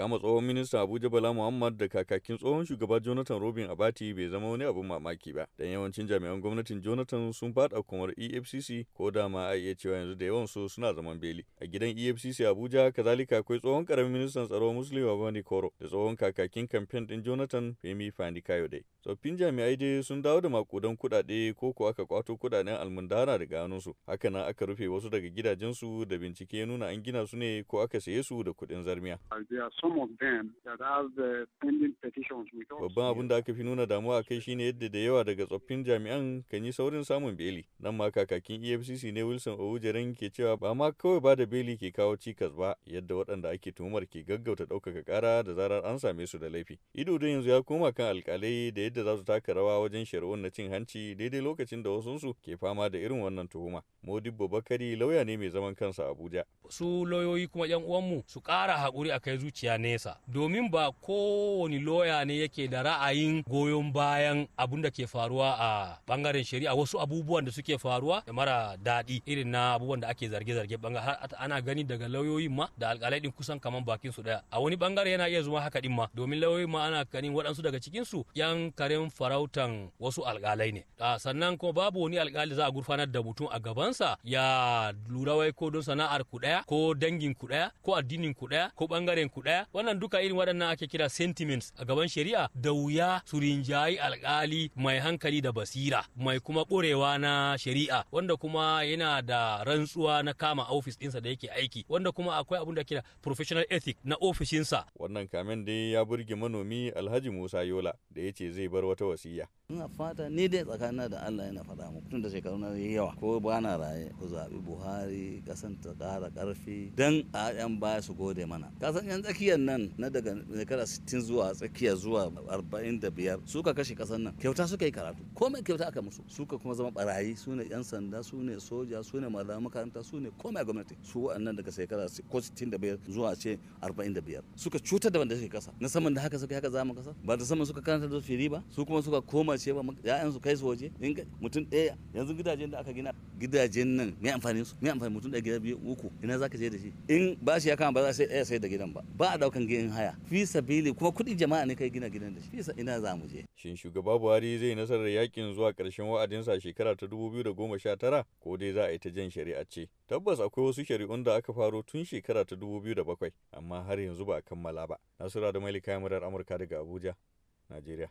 Kama tsohon minista Abuja Bala Muhammad da kakakin tsohon shugaba Jonathan Robin Abati bai zama wani abin mamaki ba, don yawancin jami'an gwamnatin Jonathan sun fada kumar EFCC ko da ma a iya cewa yanzu da yawan su suna zaman beli. A gidan EFCC Abuja kazalika akwai tsohon karamin ministan tsaro Muslim Babani Koro da tsohon kakakin kamfen din Jonathan Femi Fani Kayode. Tsoffin jami'ai dai sun dawo da makudan kuɗaɗe ko ko aka kwato kuɗaɗen almundara da ganunsu Haka nan aka rufe wasu daga gidajensu da bincike nuna an gina su ne ko aka saye su da kuɗin zarmiya. Babban abin da aka fi nuna damuwa a kai shine yadda da yawa daga tsoffin jami'an kan yi saurin samun beli. Nan ma kakakin EFCC ne Wilson Owujeren ke cewa ba ma kawai ba da beli ke kawo cikas ba yadda waɗanda ake tumar ke gaggauta ɗaukaka ƙara da zarar an same su da laifi. Ido don yanzu ya koma kan alƙalai da yadda za su taka rawa wajen shari'un na cin hanci daidai lokacin da wasunsu ke fama da irin wannan tuhuma. Modibbo Bakari lauya ne mai zaman kansa Abuja. Su lauyoyi kuma 'yan uwanmu su ƙara haƙuri a kai zuciya nesa domin ba kowane loya ne yake da ra'ayin goyon bayan abun da ke faruwa a bangaren shari'a wasu abubuwan da suke faruwa da mara daɗi irin na abubuwan da ake zarge-zarge bangaren ana gani daga lauyoyin ma da alƙalai din kusan kaman bakin su daya a wani bangare yana iya zuma haka din ma domin lauyoyin ma ana ganin waɗansu daga cikin su yan karen farautan wasu alƙalai ne sannan kuma babu wani alƙali za a gurfanar da mutum a gabansa ya lura wai ko don sana'ar ku ɗaya ko dangin ku ɗaya ko addinin ku ɗaya ko bangaren ku ɗaya baya wannan duka irin waɗannan ake kira sentiments a gaban shari'a da wuya su rinjayi alkali mai hankali da basira mai kuma ƙurewa na shari'a wanda kuma yana da rantsuwa na kama ofis ɗinsa da yake aiki wanda kuma akwai abin da kira professional ethic na ofishinsa wannan kamen dai ya burge manomi alhaji musa yola da ya ce zai bar wata wasiya ina fata ni dai tsakanina da allah yana faɗa muku tun da shekaru na yawa ko ba na raye ku zaɓi buhari ƙasan ta ƙara ƙarfi don a 'yan baya su gode mana kasan 'yan tsakiya tsakiyar nan na daga shekara 60 zuwa tsakiya zuwa 45 suka kashe kasar nan kyauta suka yi karatu komai kyauta aka musu suka kuma zama barayi su ne yan sanda su ne soja su ne malaman makaranta su ne komai a gwamnati su waɗannan daga shekara ko 65 zuwa ce 45 suka cutar da wanda suke kasa na saman da haka suka haka zama kasa ba da saman suka karanta da fili ba su kuma suka koma ce ba ya'yan su kai su waje mutum ɗaya yanzu gidajen da aka gina gidajen nan me amfani su me amfani mutum ɗaya gida biyu uku ina zaka je da shi in ba shi ya kama ba za sai ɗaya sai da gidan ba ba daukan gidan haya fi sabili kuma kudin jama'a ne kai gina gidan da shi fisa ina za mu je shin shugaba Buhari zai nasarar yakin zuwa ƙarshen wa'adinsa shekara ta 2019 ko dai za a yi ta jan shari'a ce tabbas akwai wasu shari'un da aka faro tun shekara ta 2007 amma har yanzu ba a kammala ba nasura da mailika murar Amurka daga Abuja Najeriya